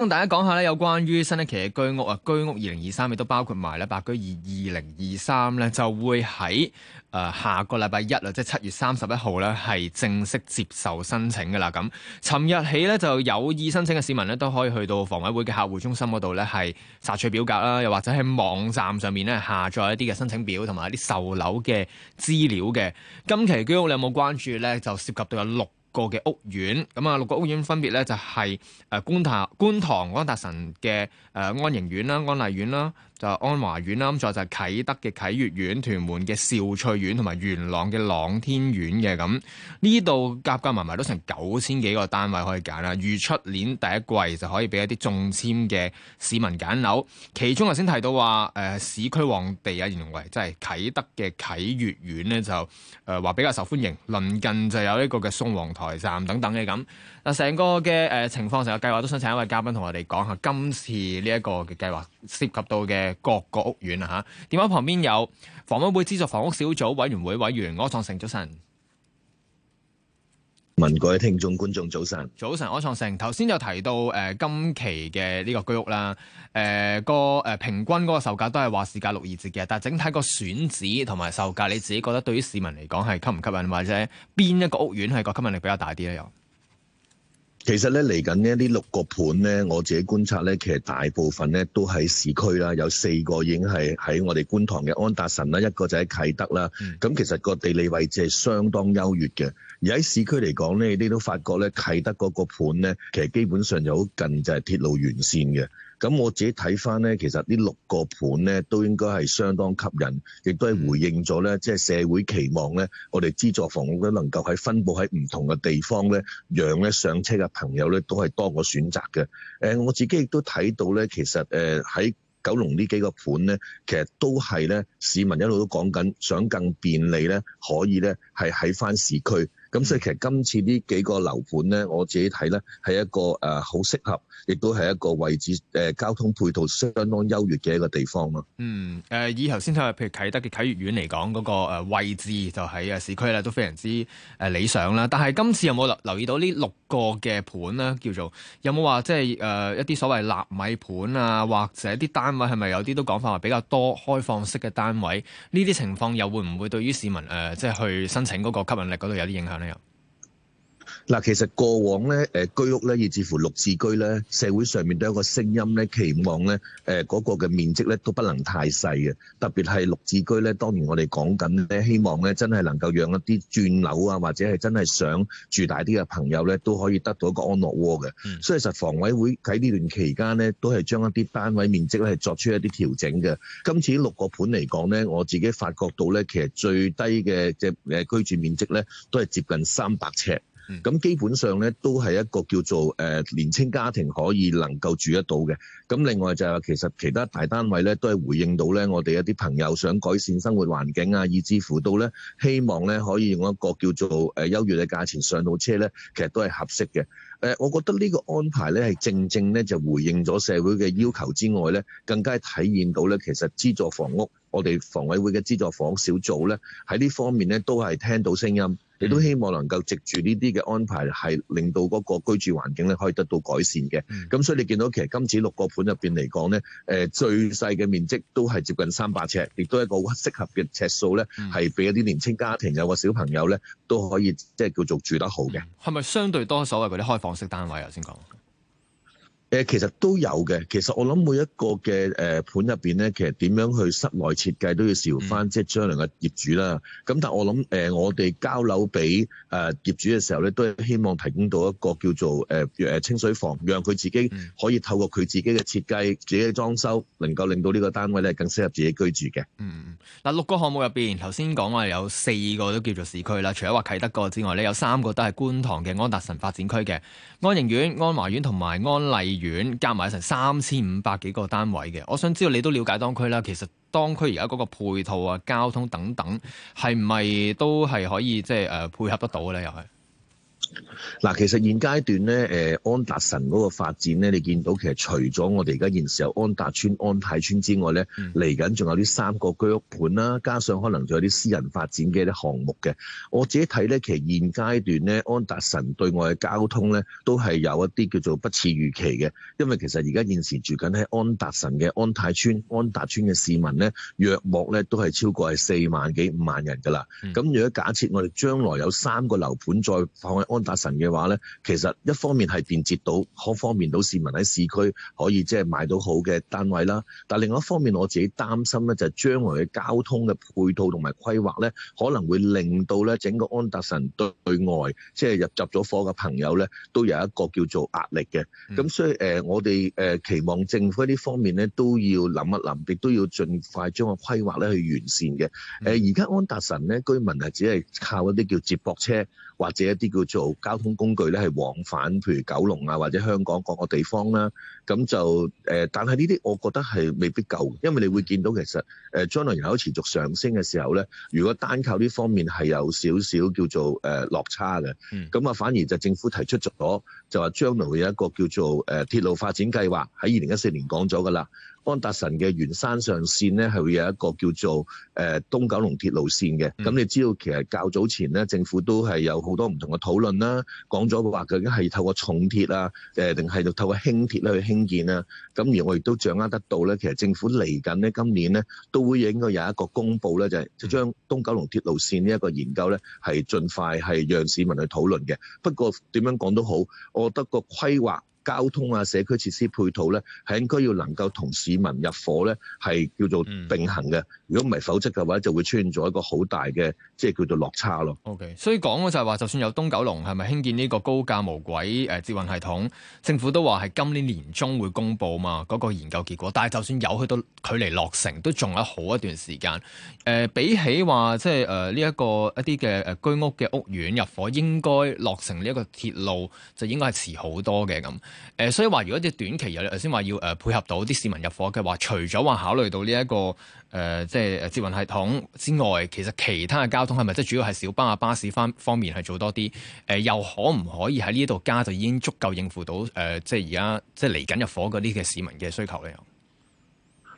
同大家講下咧，有關於新一期嘅居屋啊，居屋二零二三亦都包括埋咧，白居二二零二三咧就會喺誒、呃、下個禮拜一啦，即係七月三十一號咧係正式接受申請噶啦。咁，尋日起咧就有意申請嘅市民咧都可以去到房委會嘅客戶中心嗰度咧係索取表格啦，又或者喺網站上面咧下載一啲嘅申請表同埋一啲售樓嘅資料嘅。今期居屋你有冇關注咧？就涉及到有六。個嘅屋苑咁啊，六個屋苑分別咧就係誒觀塘觀塘,觀塘的安達臣嘅誒安盈苑啦、安麗苑啦。就安華苑啦，咁再就係、是、啟德嘅啟悦苑、屯門嘅兆翠苑同埋元朗嘅朗天苑嘅咁，呢度夾夾埋埋都成九千幾個單位可以揀啦。預出年第一季就可以俾一啲中簽嘅市民揀樓，其中頭先提到話、呃，市區旺地啊，認為即係啟德嘅啟悦苑咧就誒話、呃、比較受歡迎，鄰近就有呢個嘅宋皇台站等等嘅咁。嗱，成個嘅誒情況，成個計劃都想請一位嘉賓同我哋講下今次呢一個嘅計劃涉及到嘅各個屋苑啊。嚇，電話旁邊有房委會資助房屋小組委員會委員柯創盛，早晨。各位聽眾觀眾早晨，早晨柯創盛。頭先就提到誒、呃、今期嘅呢個居屋啦，誒個誒平均嗰個售價都係話市價六二折嘅，但係整體個選址同埋售價，你自己覺得對於市民嚟講係吸唔吸引，或者邊一個屋苑係個吸引力比較大啲咧？有。其實咧嚟緊呢啲六個盤咧，我自己觀察咧，其實大部分咧都喺市區啦，有四個已經係喺我哋觀塘嘅安達臣啦，一個就喺啟德啦。咁其實個地理位置係相當優越嘅。而喺市區嚟講咧，你都發覺咧，啟德嗰個盤咧，其實基本上就好近，就係、是、鐵路沿線嘅。咁我自己睇翻呢，其實呢六個盤呢都應該係相當吸引，亦都係回應咗呢，即係社會期望呢，我哋資助房屋都能夠喺分佈喺唔同嘅地方呢，讓呢上車嘅朋友呢都係多個選擇嘅。誒，我自己亦都睇到呢，其實誒喺九龍呢幾個盤呢，其實都係呢市民一路都講緊想更便利呢，可以呢係喺翻市區。咁所以其實今次呢幾個樓盤呢，我自己睇呢係一個誒好適合。亦都係一個位置交通配套相當優越嘅一個地方咯。嗯，以頭先睇下，譬如啟德嘅啟悅苑嚟講，嗰、嗰個位置就喺市區咧，都非常之理想啦。但係今次有冇留留意到呢六個嘅盤咧？叫做有冇話即係、呃、一啲所謂納米盤啊，或者啲單位係咪有啲都講法話比較多開放式嘅單位？呢啲情況又會唔會對於市民、呃、即係去申請嗰個吸引力嗰度有啲影響咧？嗱，其實過往咧，誒居屋咧，以至乎綠置居咧，社會上面都有一個聲音咧，期望咧，誒、呃、嗰、那個嘅面積咧都不能太細嘅。特別係綠置居咧，當然我哋講緊咧，希望咧真係能夠讓一啲轉樓啊，或者係真係想住大啲嘅朋友咧都可以得到一個安樂窩嘅、嗯。所以實房委會喺呢段期間咧都係將一啲單位面積咧係作出一啲調整嘅。今次六個盤嚟講咧，我自己發覺到咧，其實最低嘅只居住面積咧都係接近三百尺。咁基本上咧都係一個叫做誒、呃、年青家庭可以能夠住得到嘅。咁另外就係、話、其實其他大單位咧都係回應到咧我哋一啲朋友想改善生活環境啊，以至乎到咧希望咧可以用一個叫做誒、呃、優越嘅價錢上到車咧，其實都係合適嘅。誒、呃，我覺得呢個安排咧係正正咧就回應咗社會嘅要求之外咧，更加體現到咧其實資助房屋。我哋房委會嘅資助房小組咧，喺呢方面咧都係聽到聲音，亦都希望能夠藉住呢啲嘅安排，係令到嗰個居住環境咧可以得到改善嘅。咁、嗯、所以你見到其實今次六個盤入面嚟講咧，誒最細嘅面積都係接近三百尺，亦都係一個適合嘅尺數咧，係俾一啲年青家庭有個小朋友咧都可以即係叫做住得好嘅。係、嗯、咪相對多所謂嗰啲開放式單位啊？先講。誒其實都有嘅，其實我諗每一個嘅誒盤入邊咧，其實點樣去室內設計都要視乎返即係將來嘅業主啦。咁、嗯、但係我諗誒、呃，我哋交樓俾誒業主嘅時候咧，都係希望提供到一個叫做誒誒、呃、清水房，讓佢自己可以透過佢自己嘅設計、嗯、自己嘅裝修，能夠令到呢個單位咧更適合自己居住嘅。嗯嗱六個項目入邊，頭先講話有四個都叫做市區啦，除咗話啟德個之外咧，有三個都係觀塘嘅安達臣發展區嘅安盈苑、安華苑同埋安麗院加埋成三千五百幾個單位嘅，我想知道你都了解當區啦。其實當區而家嗰個配套啊、交通等等，係咪都係可以即係誒配合得到嘅咧？又係。嗱，其實現階段咧，誒安達臣嗰個發展咧，你見到其實除咗我哋而家現時有安達村、安泰村之外咧，嚟緊仲有呢三個居屋盤啦，加上可能仲有啲私人發展嘅啲項目嘅。我自己睇咧，其實現階段咧，安達臣對外嘅交通咧，都係有一啲叫做不似預期嘅，因為其實而家現時住緊喺安達臣嘅安泰村、安達村嘅市民咧，約莫咧都係超過係四萬幾五萬人噶啦。咁、嗯、如果假設我哋將來有三個樓盤再放喺安安達臣嘅話咧，其實一方面係便捷到可方便到市民喺市區可以即係買到好嘅單位啦，但另外一方面我自己擔心咧就係將來嘅交通嘅配套同埋規劃咧，可能會令到咧整個安達臣對外即係、就是、入咗伙嘅朋友咧，都有一個叫做壓力嘅。咁、嗯、所以誒我哋誒期望政府呢方面咧都要諗一諗，亦都要盡快將個規劃咧去完善嘅。誒而家安達臣咧居民係只係靠一啲叫接駁車或者一啲叫做。交通工具咧係往返，譬如九龍啊，或者香港各個地方啦、啊，咁就、呃、但係呢啲我覺得係未必夠，因為你會見到其實誒將來人口持續上升嘅時候咧，如果單靠呢方面係有少少叫做誒、呃、落差嘅，咁、嗯、啊反而就政府提出咗，就話將來有一個叫做誒、呃、鐵路發展計劃了了，喺二零一四年講咗噶啦。安達臣嘅原山上線咧，係會有一個叫做誒、呃、東九龍鐵路線嘅。咁、嗯、你知道其實較早前咧，政府都係有好多唔同嘅討論啦，講咗話究竟係透過重鐵啊，誒、呃，定係透過輕鐵咧去興建啊。咁而我亦都掌握得到咧，其實政府嚟緊咧，今年咧都會應該有一個公佈咧，就係就將東九龍鐵路線呢一個研究咧，係盡快係讓市民去討論嘅。不過點樣講都好，我覺得個規劃。交通啊，社區設施配套咧，係應該要能夠同市民入伙咧，係叫做並行嘅。如果唔係，否則嘅話就會出現咗一個好大嘅即係叫做落差咯。OK，所以講嘅就係話，就算有東九龍係咪興建呢個高架無軌誒捷運系統，政府都話係今年年中會公布嘛嗰、那個研究結果。但係就算有去到距離落成，都仲有好一段時間。誒、呃，比起話即係誒呢一個一啲嘅誒居屋嘅屋苑入伙，應該落成呢一個鐵路，就應該係遲好多嘅咁。誒、呃，所以話，如果只短期有，你頭先話要誒配合到啲市民入伙嘅話，除咗話考慮到呢、這、一個誒、呃，即係接運系統之外，其實其他嘅交通係咪即係主要係小巴啊、巴士方方面係做多啲？誒、呃，又可唔可以喺呢度加就已經足夠應付到誒、呃，即係而家即係嚟緊入伙嗰啲嘅市民嘅需求咧？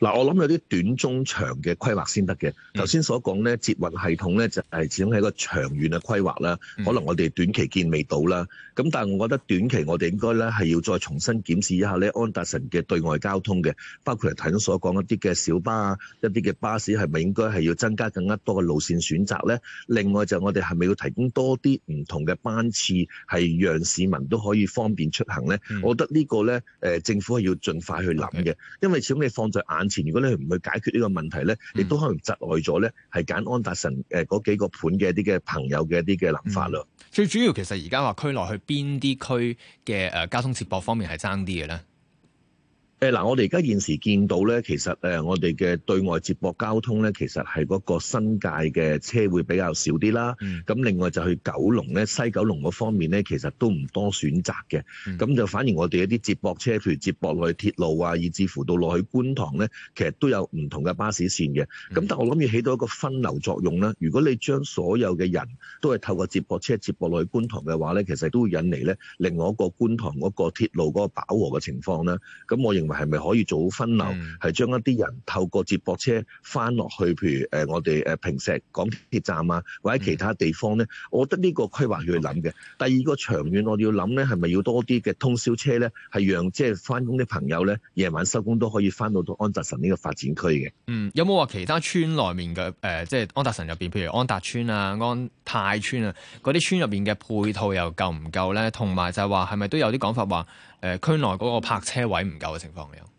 嗱，我諗有啲短、中、長嘅規劃先得嘅。頭先所講咧，捷運系統咧就係始終係一個長遠嘅規劃啦。Mm. 可能我哋短期見未到啦。咁但係我覺得短期我哋應該咧係要再重新檢視一下咧安達臣嘅對外交通嘅，包括係頭先所講一啲嘅小巴啊，一啲嘅巴士係咪應該係要增加更加多嘅路線選擇咧？另外就我哋係咪要提供多啲唔同嘅班次，係讓市民都可以方便出行咧？Mm. 我覺得個呢個咧誒政府係要盡快去諗嘅，okay. 因為始終你放在眼前如果你唔去解決呢個問題咧，亦都可能窒礙咗咧，係揀安達臣誒嗰幾個盤嘅一啲嘅朋友嘅一啲嘅諗法啦。最、嗯、主要其實而家話區內去邊啲區嘅誒交通接駁方面係爭啲嘅咧。誒、哎、嗱，我哋而家現時見到咧，其實誒、呃、我哋嘅對外接駁交通咧，其實係嗰個新界嘅車會比較少啲啦。咁、嗯、另外就去九龍咧，西九龍嗰方面咧，其實都唔多選擇嘅。咁、嗯、就反而我哋一啲接駁車，譬如接駁落去鐵路啊，以至乎到落去觀塘咧，其實都有唔同嘅巴士線嘅。咁、嗯、但我諗要起到一個分流作用啦。如果你將所有嘅人都係透過接駁車接駁落去觀塘嘅話咧，其實都會引嚟咧另外一個觀塘嗰個鐵路嗰個飽和嘅情況啦。咁我認為，係咪可以做好分流？係、嗯、將一啲人透過接駁車翻落去，譬如誒、呃、我哋誒平石港鐵站啊，或者其他地方咧、嗯？我覺得呢個規劃要去諗嘅。Okay. 第二個長遠我，我哋要諗咧，係咪要多啲嘅通宵車咧？係讓即係翻工啲朋友咧，夜晚收工都可以翻到到安達臣呢個發展區嘅。嗯，有冇話其他村內面嘅誒，即、呃、係、就是、安達臣入邊，譬如安達村啊、安泰村啊，嗰啲村入邊嘅配套又夠唔夠咧？同埋就係話，係咪都有啲講法話，誒，區內嗰個泊車位唔夠嘅情況嚟有。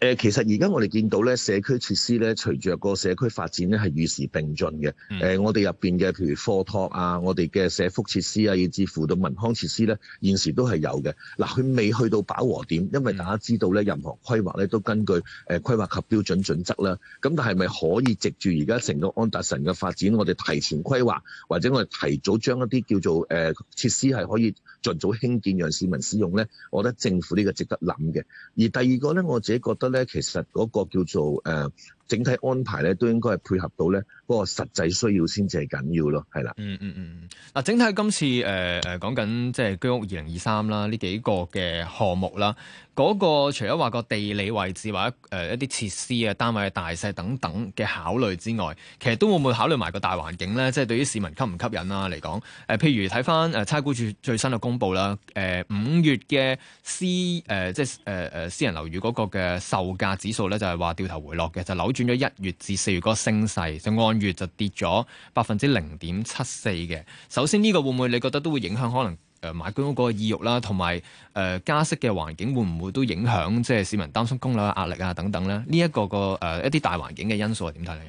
誒，其實而家我哋見到咧，社區設施咧，隨住個社區發展咧，係與時並進嘅。誒、嗯呃，我哋入面嘅譬如科托啊，我哋嘅社福設施啊，以至乎到民康設施咧，現時都係有嘅。嗱，佢未去到飽和點，因為大家知道咧，任何規劃咧都根據誒規劃及標準準則啦。咁但係咪可以藉住而家成個安達臣嘅發展，我哋提前規劃，或者我哋提早將一啲叫做誒設、呃、施係可以盡早興建，讓市民使用咧？我覺得政府呢個值得諗嘅。而第二個咧，我自己覺得。咧，其實嗰個叫做誒。整體安排咧，都應該係配合到咧嗰個實際需要先至係緊要咯，係啦。嗯嗯嗯。嗱、嗯，整體今次誒誒、呃、講緊即係居屋二零二三啦，呢幾個嘅項目啦，嗰、那個除咗話個地理位置或者誒一啲設施啊、單位嘅大細等等嘅考慮之外，其實都會唔會考慮埋個大環境咧？即、就、係、是、對於市民吸唔吸引啦嚟講，誒譬如睇翻誒差估署最新嘅公布啦，誒、呃、五月嘅私誒即係誒誒私人樓宇嗰個嘅售價指數咧，就係話掉頭回落嘅，就是、樓。轉咗一月至四月個升勢，就按月就跌咗百分之零點七四嘅。首先呢個會唔會你覺得都會影響可能誒買居屋個意欲啦，同埋誒加息嘅環境會唔會都影響即係市民擔心供樓嘅壓力啊等等咧？呢、這個呃、一個個誒一啲大環境嘅因素係點睇啊？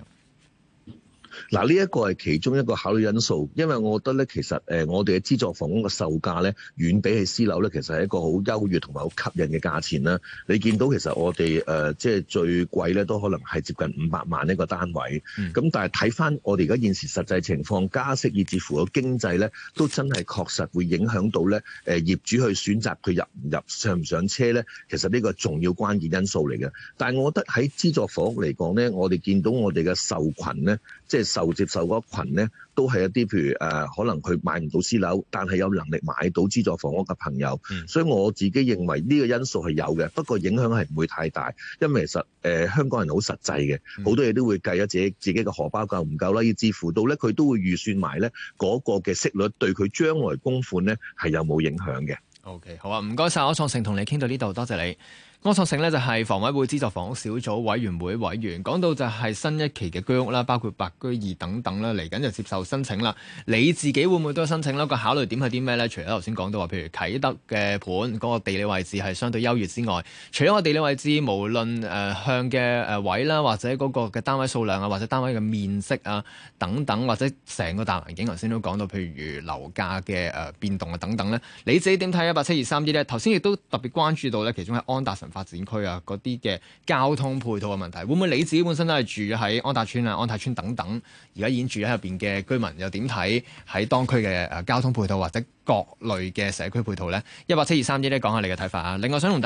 嗱，呢一個係其中一個考慮因素，因為我覺得咧，其實誒、呃、我哋嘅資助房屋嘅售價咧，遠比起私樓咧，其實係一個好優越同埋好吸引嘅價錢啦。你見到其實我哋誒、呃、即係最貴咧，都可能係接近五百萬一個單位。咁、嗯、但係睇翻我哋而家現時實際情況，加息以至乎個經濟咧，都真係確實會影響到咧，誒、呃、業主去選擇佢入唔入上唔上車咧。其實呢個重要關鍵因素嚟嘅。但係我覺得喺資助房屋嚟講咧，我哋見到我哋嘅受群咧，即係。受接受嗰群咧，都係一啲譬如誒、呃、可能佢買唔到私樓，但係有能力買到資助房屋嘅朋友、嗯。所以我自己認為呢個因素係有嘅，不過影響係唔會太大，因為其實誒、呃、香港人好實際嘅，好、嗯、多嘢都會計咗自己自己嘅荷包夠唔夠啦，要支付到咧，佢都會預算埋咧嗰個嘅息率對佢將來供款咧係有冇影響嘅。OK，好啊，唔該晒，柯創盛同你傾到呢度，多謝你。柯創盛呢就係房委會資助房屋小組委員會委員，講到就係新一期嘅居屋啦，包括白居二等等啦，嚟緊就接受申請啦。你自己會唔會都申請啦？個考慮點係啲咩呢？除咗頭先講到話，譬如啟德嘅盤嗰個地理位置係相對優越之外，除咗個地理位置，無論向嘅位啦，或者嗰個嘅單位數量啊，或者單位嘅面積啊等等，或者成個大環境，頭先都講到，譬如樓價嘅誒變動啊等等呢，你自己點睇一八七二三 D 呢，頭先亦都特別關注到呢，其中係安達臣。發展區啊，嗰啲嘅交通配套嘅問題，會唔會你自己本身都係住喺安達邨啊、安泰邨等等，而家已經住喺入邊嘅居民又點睇喺當區嘅誒交通配套或者各類嘅社區配套呢？一八七二三一呢，講下你嘅睇法啊！另外想同大家。